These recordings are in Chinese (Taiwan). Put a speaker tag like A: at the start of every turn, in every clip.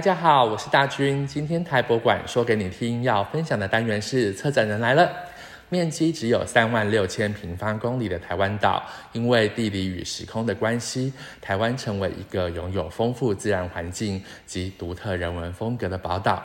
A: 大家好，我是大鈞。今天台博館說給你聽，要分享的單元是策展人來了。面積只有三萬六千平方公里的台灣島，因為地理與時空的關係，台灣成為一個擁有豐富自然環境及獨特人文風格的寶島。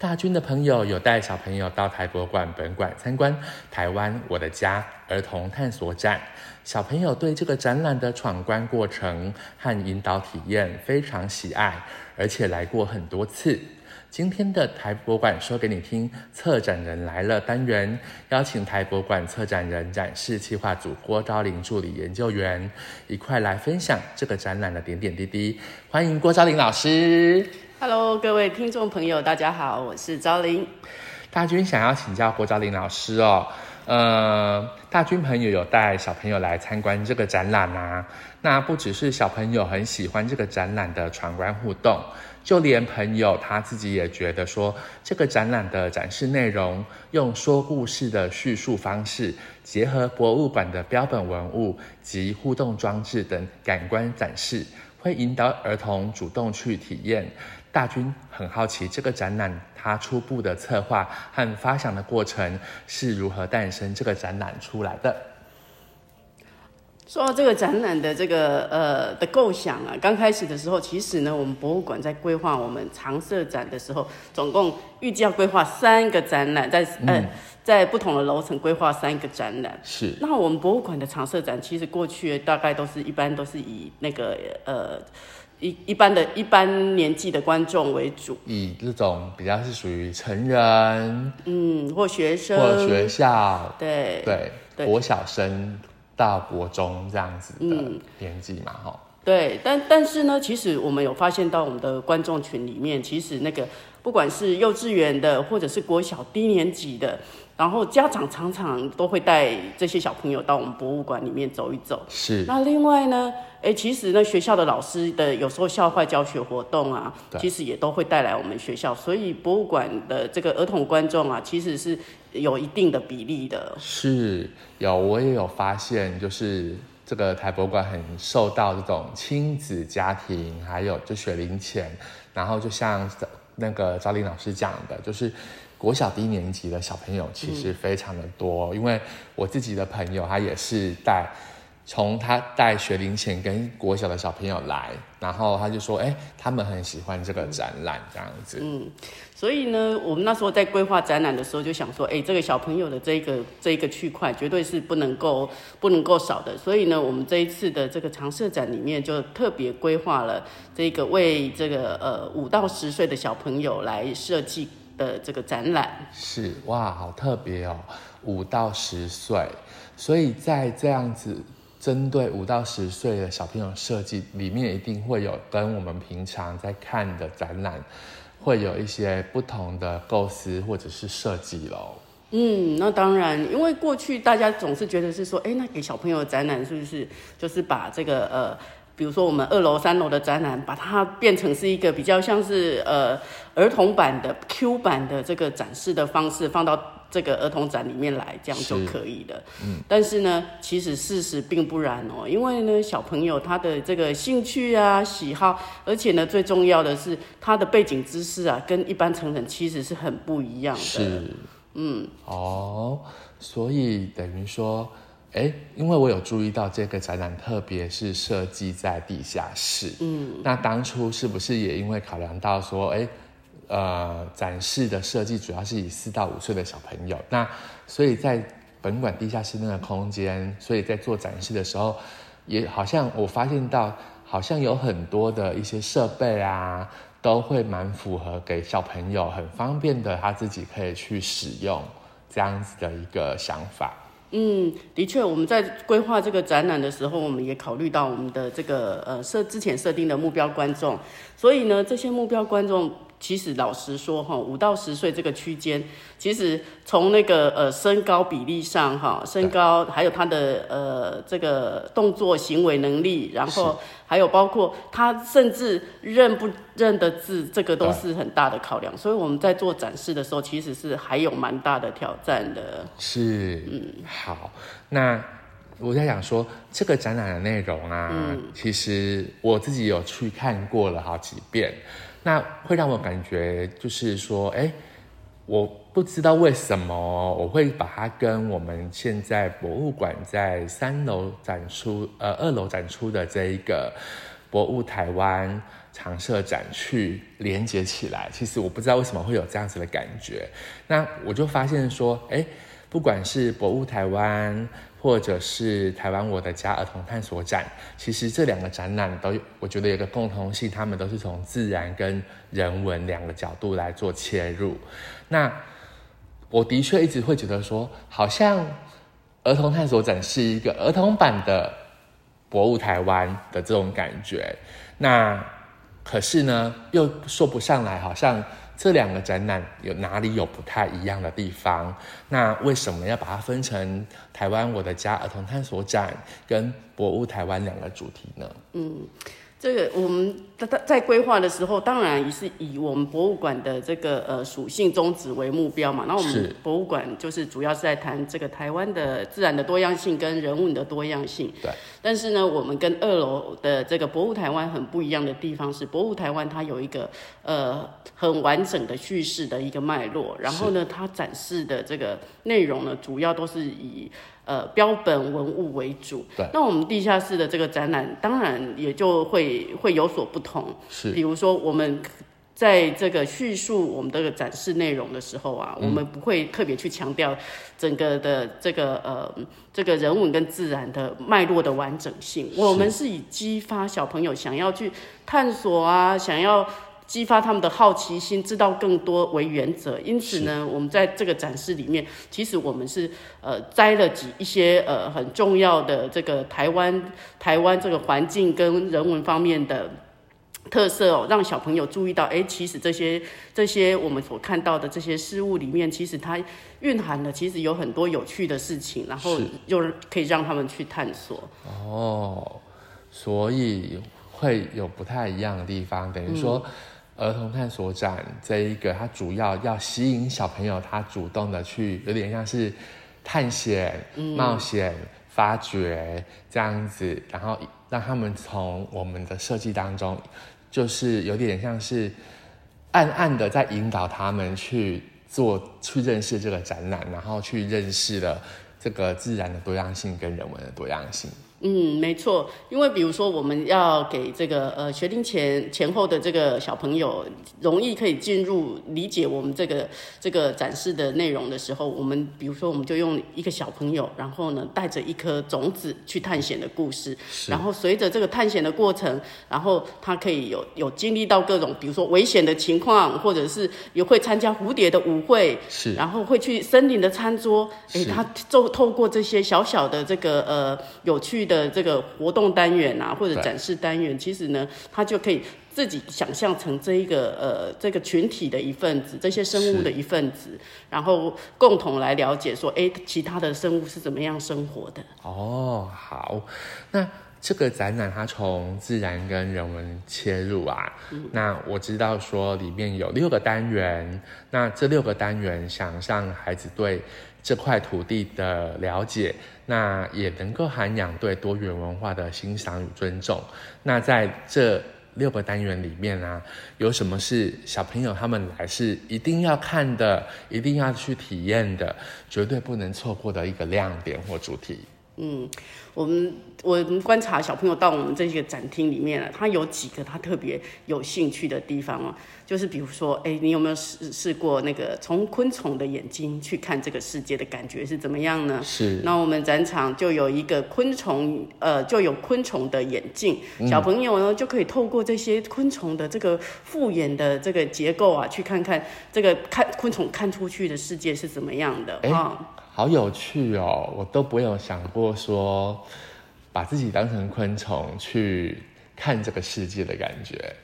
A: 大鈞的朋友有帶小朋友到台博館本館參觀《台灣我的家兒童探索展》，小朋友對這個展覽的闖關過程和引導體驗非常喜愛，而且來過很多次。今天的台博館說給你聽，策展人來了單元，邀請台博館策展人展示企劃組郭昭翎助理研究員，一塊來分享這個展覽的點點滴滴。歡迎郭昭翎老師。Hello，各位聽眾朋友，大家好，我是昭翎。大鈞想要請教郭昭翎老師哦，呃，大鈞朋友有帶小朋友來參觀這個展覽啊。那不只是小朋友很喜歡這個展覽的闖關互動，就連朋友他自己也覺得說，這個展覽的展示內容用說故事的敘述方式，結合博物館的標本文物及互動裝置等感官展示，會引導兒童主動去體驗。大鈞很好奇這個展覽，它初步的策劃和發想的過程是如何誕生這個展覽出來的？
B: 說到這個展覽的這個呃的構想啊，剛開始的時候，其實呢，我們博物館在規劃我們常設展的時候，總共預計要規劃三個展覽，在嗯、呃，在不同的樓層規劃三個展覽。是。那我們博物館的常設展其實過去大概都是一般都是以那個呃。一一般的一般年紀的觀眾為主，
A: 以這種比較是屬於成人，嗯，或學生，或者學校，對對，國小生到國中這樣子的年紀嘛，齁。嗯
B: 對，但但是呢，其實我們有發現到我們的觀眾群裡面，其實那個不管是幼稚園的，或者是國小低年級的，然後家長常常常都會帶這些小朋友到我們博物館裡面走一走。是。那另外呢，哎，其實呢，學校的老師的有時候校外教學活動啊，其實也都會帶來我們學校，所以博物館的這個兒童觀眾啊，其實是有一定的比例的。
A: 是有，我也有發現，就是。這個臺博館很受到這種親子家庭，還有就學齡前，然後就像那個昭翎老師講的，就是國小低年級的小朋友其實非常的多，嗯、因為我自己的朋友他也是帶。從他帶學齡前跟國小的小朋友來，然後他就說：“欸，他們很喜歡這個展覽，這樣子。”嗯，
B: 所以呢，我們那時候在規劃展覽的時候就想說：“欸，這個小朋友的這個這個區塊絕對是不能夠不能夠少的。”所以呢，我們這一次的這個常設展裡面就特別規劃了這個為這個呃五到十歲的小朋友來設計的這個展覽。
A: 是哇，好特別哦，五到十歲，所以在這樣子。針對五到十歲的小朋友設計，裡面一定會有跟我們平常在看的展覽會有一些不同的構思或者是設計咯。嗯，
B: 那當然，因為過去大家總是覺得是說，哎，那給小朋友的展覽是不是就是把這個呃，比如說我們二樓、三樓的展覽，把它變成是一個比較像是呃兒童版的 Q 版的這個展示的方式放到。這個兒童展裡面來，這樣就可以了。嗯，但是呢，其實事實並不然哦，因為呢，小朋友他的這個興趣啊、喜好，而且呢，最重要的是他的背景知識啊，跟一般成人其實是很不一樣的。是，
A: 嗯，哦，所以等於說，哎，因為我有注意到這個展覽，特別是設計在地下室。嗯，那當初是不是也因為考量到說，哎？呃，展示的設計主要是以四到五歲的小朋友，那所以在本館地下室那個空間，所以在做展示的時候，也好像我發現到，好像有很多的一些設備啊，都會蠻符合給小朋友很方便的，他自己可以去使用這樣子的一個想法。
B: 嗯，的確，我們在規劃這個展覽的時候，我們也考慮到我們的這個呃設之前設定的目標觀眾，所以呢，這些目標觀眾。其實老實說，哈，五到十歲這個區間，其實從那個呃身高比例上，哈，身高還有他的呃這個動作行為能力，然後還有包括他甚至認不認得字，這個都是很大的考量。所以我們在做展示的時候，其實是還有蠻大的挑戰的。
A: 是，嗯，好，那我在想說，這個展覽的內容啊，嗯，其實我自己有去看過了好幾遍。那會讓我感覺就是說，哎，我不知道為什麼我會把它跟我們現在博物館在三樓展出、呃二樓展出的這一個博物台灣常設展去連接起來。其實我不知道為什麼會有這樣子的感覺。那我就發現說，哎，不管是博物台灣。或者是台灣我的家兒童探索展，其實這兩個展覽都，我覺得有一個共同性，他們都是從自然跟人文兩個角度來做切入。那我的確一直會覺得說，好像兒童探索展是一個兒童版的博物台灣的這種感覺。那可是呢，又說不上來，好像。這兩個展覽有哪裡有不太一樣的地方？那為什麼要把它分成台灣我的家兒童探索展跟博物台灣兩個主題呢？嗯。
B: 這個我們在在規劃的時候，當然也是以我們博物館的這個呃屬性宗旨為目標嘛。那我們博物館就是主要是在談這個台灣的自然的多樣性跟人文的多樣性。對。但是呢，我們跟二樓的這個博物台灣很不一樣的地方是，博物台灣它有一個呃很完整的敘事的一個脈絡，然後呢，它展示的這個內容呢，主要都是以。呃，標本文物為主。對，那我們地下室的這個展覽，當然也就會會有所不同。是，比如說我們在這個敘述我們這個展示內容的時候啊，嗯，我們不會特別去強調整個的這個呃這個人文跟自然的脈絡的完整性。我們是以激發小朋友想要去探索啊，想要。激發他們的好奇心，知道更多為原則。因此呢，我們在這個展示裡面，其實我們是呃摘了幾一些呃很重要的這個台灣台灣這個環境跟人文方面的特色哦，讓小朋友注意到，誒，其實這些這些我們所看到的這些事物裡面，其實它蘊含了其實有很多有趣的事情，然後又可以讓他們去探索
A: 哦。所以會有不太一樣的地方，等於說。嗯兒童探索展這一個，它主要要吸引小朋友，他主動地去，有點像是探險、冒險、發掘、嗯、這樣子，然後讓他們從我們的設計當中，就是有點像是暗暗地在引導他們去做，去認識這個展覽，然後去認識了這個自然的多樣性跟人文的多樣性。
B: 嗯，沒錯，因為比如說我們要給這個呃學齡前前後的這個小朋友，容易可以進入理解我們這個這個展示的內容的時候，我們比如說我們就用一個小朋友，然後呢帶着一顆種子去探險的故事，然後隨着這個探險的過程，然後他可以有有經歷到各種，比如說危險的情況，或者是也會參加蝴蝶的舞會，是，然後會去森林的餐桌，誒、欸，他就透過這些小小的這個呃有趣的。的這個活動單元啊，或者展示單元，其實呢，他就可以自己想象成這一個呃這個群體的一份子，這些生物的一份子，然後共同來了解說，誒、欸，其他的生物是怎麼樣生活的。
A: 哦，好，那這個展覽它從自然跟人文切入啊、嗯，那我知道說裡面有六個單元，那這六個單元想讓孩子對。這塊土地的了解，那也能夠涵養對多元文化的欣賞與尊重。那在這六個單元裡面啊，有什麼是小朋友他們來是一定要看的，一定要去體驗的，絕對不能錯過的一個亮點或主題？
B: 嗯，我們我們觀察小朋友到我們這個展廳裡面啊，他有幾個他特別有興趣的地方哦、啊，就是比如說，哎，你有沒有試試過那個從昆蟲的眼睛去看這個世界的感覺是怎麼樣呢？是。那我們展場就有一個昆蟲，呃，就有昆蟲的眼鏡，嗯、小朋友呢就可以透過這些昆蟲的這個複眼的這個結構啊，去看看這個看昆蟲看出去的世界是怎麼樣的。
A: 啊。好有趣哦，我都沒有想過。說把自己當成昆蟲去看這個世界的感覺，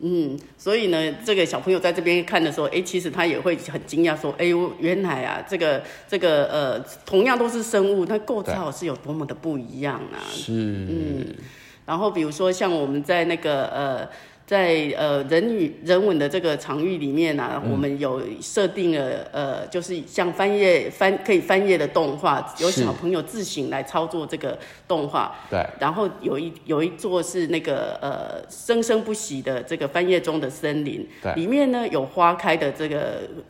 A: 嗯，
B: 所以呢，這個小朋友在這邊看的時候，哎，其實他也會很驚訝，說，哎呦，原來啊，這個這個呃，同樣都是生物，它構造是有多麼的不一樣啊，是，嗯，然後比如說像我們在那個呃。在呃人與人文的這個場域裡面呢、啊，嗯、我們有設定了呃，就是像翻頁翻可以翻頁的動畫，由小朋友自行來操作這個動畫。對。然後有一有一座是那個呃生生不息的這個翻頁中的森林，對。裡面呢有花開的這個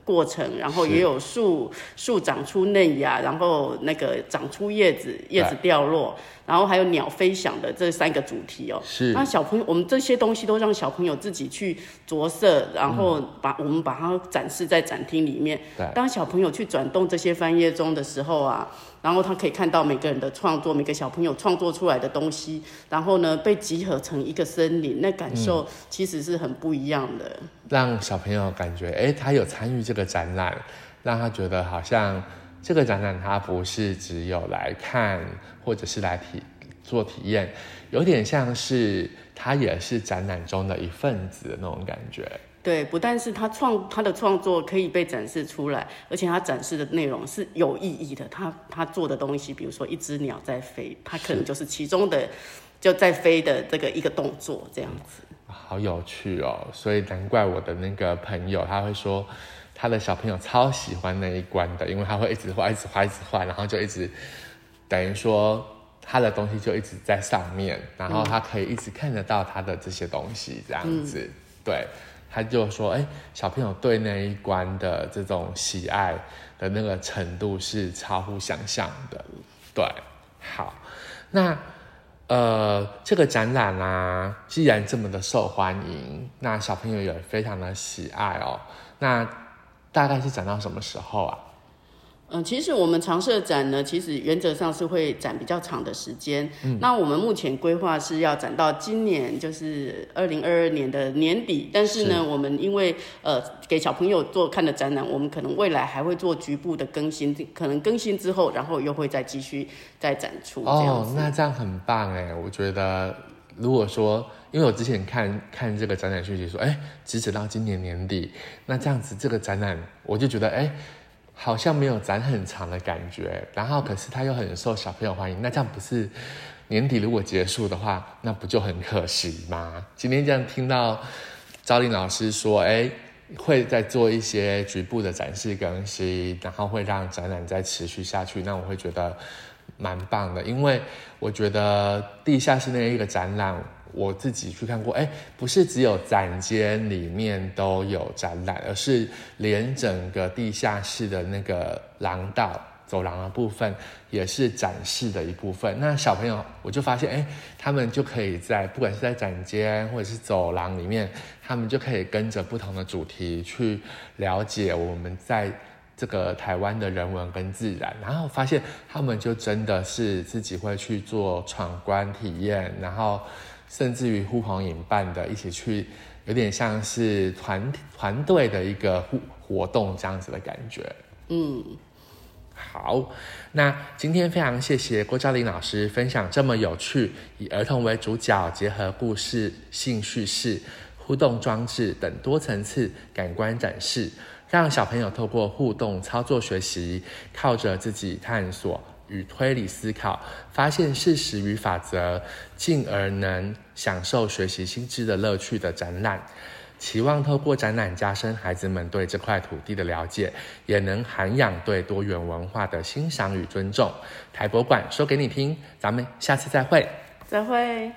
B: 過程，然後也有樹樹長出嫩芽，然後那個長出葉子，葉子掉落，然後還有鳥飛翔的這三個主題哦。是。那小朋友，我們這些東西都讓小。小朋友自己去着色，然後把、嗯、我們把它展示在展廳裡面、嗯對。當小朋友去轉動這些翻頁鐘的時候啊，然後他可以看到每個人的創作，每個小朋友創作出來的東西，然後呢被集合成一個森林，那感受其實是很不一樣的。嗯、
A: 讓小朋友感覺，哎，他有參與這個展覽，讓他覺得好像這個展覽他不是只有來看，或者是來體做體驗，有點像是。他也是展覽中的一份子的那種感覺。
B: 對，不但是他創他的創作可以被展示出來，而且他展示的內容是有意義的。他他做的東西，比如說一只鳥在飛，他可能就是其中的就在飛的這個一個動作這樣子。
A: 好有趣哦！所以難怪我的那個朋友他會說他的小朋友超喜歡那一關的，因為他會一直畫、一直畫、一直畫，然後就一直等於說。他的東西就一直在上面，然後他可以一直看得到他的這些東西，這樣子、嗯。對，他就說：“哎、欸，小朋友對那一關的這種喜愛的那個程度是超乎想象的。”對，好，那呃，這個展覽啊，既然這麼的受歡迎，那小朋友也非常的喜愛哦。那大概是展到什麼時候啊？
B: 嗯，其實我們常設展呢，其實原則上是會展比較長的時間，嗯。那我們目前規劃是要展到今年，就是二零二二年的年底。但是呢，是我們因為呃給小朋友做看的展覽，我們可能未來還會做局部的更新，可能更新之後，然後又會再繼續再展出。哦，那
A: 這樣很棒哎，我覺得如果說，因為我之前看看這個展覽書籍說，哎、欸，截止到今年年底，那這樣子這個展覽， 我就覺得哎。欸好像沒有展很長的感覺，然後可是他又很受小朋友歡迎，那這樣不是年底如果結束的話，那不就很可惜嗎？今天這樣聽到昭翎老師說，哎、欸，會再做一些局部的展示更新，然後會讓展覽再持續下去，那我會覺得蠻棒的，因為我覺得地下室那一個展覽。我自己去看過，哎、欸，不是只有展間裡面都有展覽，而是連整個地下室的那個廊道，走廊的部分也是展示的一部分。那小朋友我就發現，哎、欸，他們就可以在不管是在展間或者是走廊裡面，他們就可以跟着不同的主題去了解我們在這個台灣的人文跟自然，然後發現他們就真的是自己會去做闖關體驗，然後。甚至於呼朋引伴的一起去，有點像是團團隊的一個活活動這樣子的感覺。嗯，好，那今天非常謝謝郭昭翎老師分享這麼有趣，以兒童為主角，結合故事性敘事、互動裝置等多層次感官展示，讓小朋友透過互動操作學習，靠着自己探索。與推理思考，發現事實與法則，進而能享受學習新知的樂趣的展覽。期望透過展覽加深孩子們對這塊土地的了解，也能涵養對多元文化的欣賞與尊重。臺博館說給你聽，咱們下次再會，
B: 再會。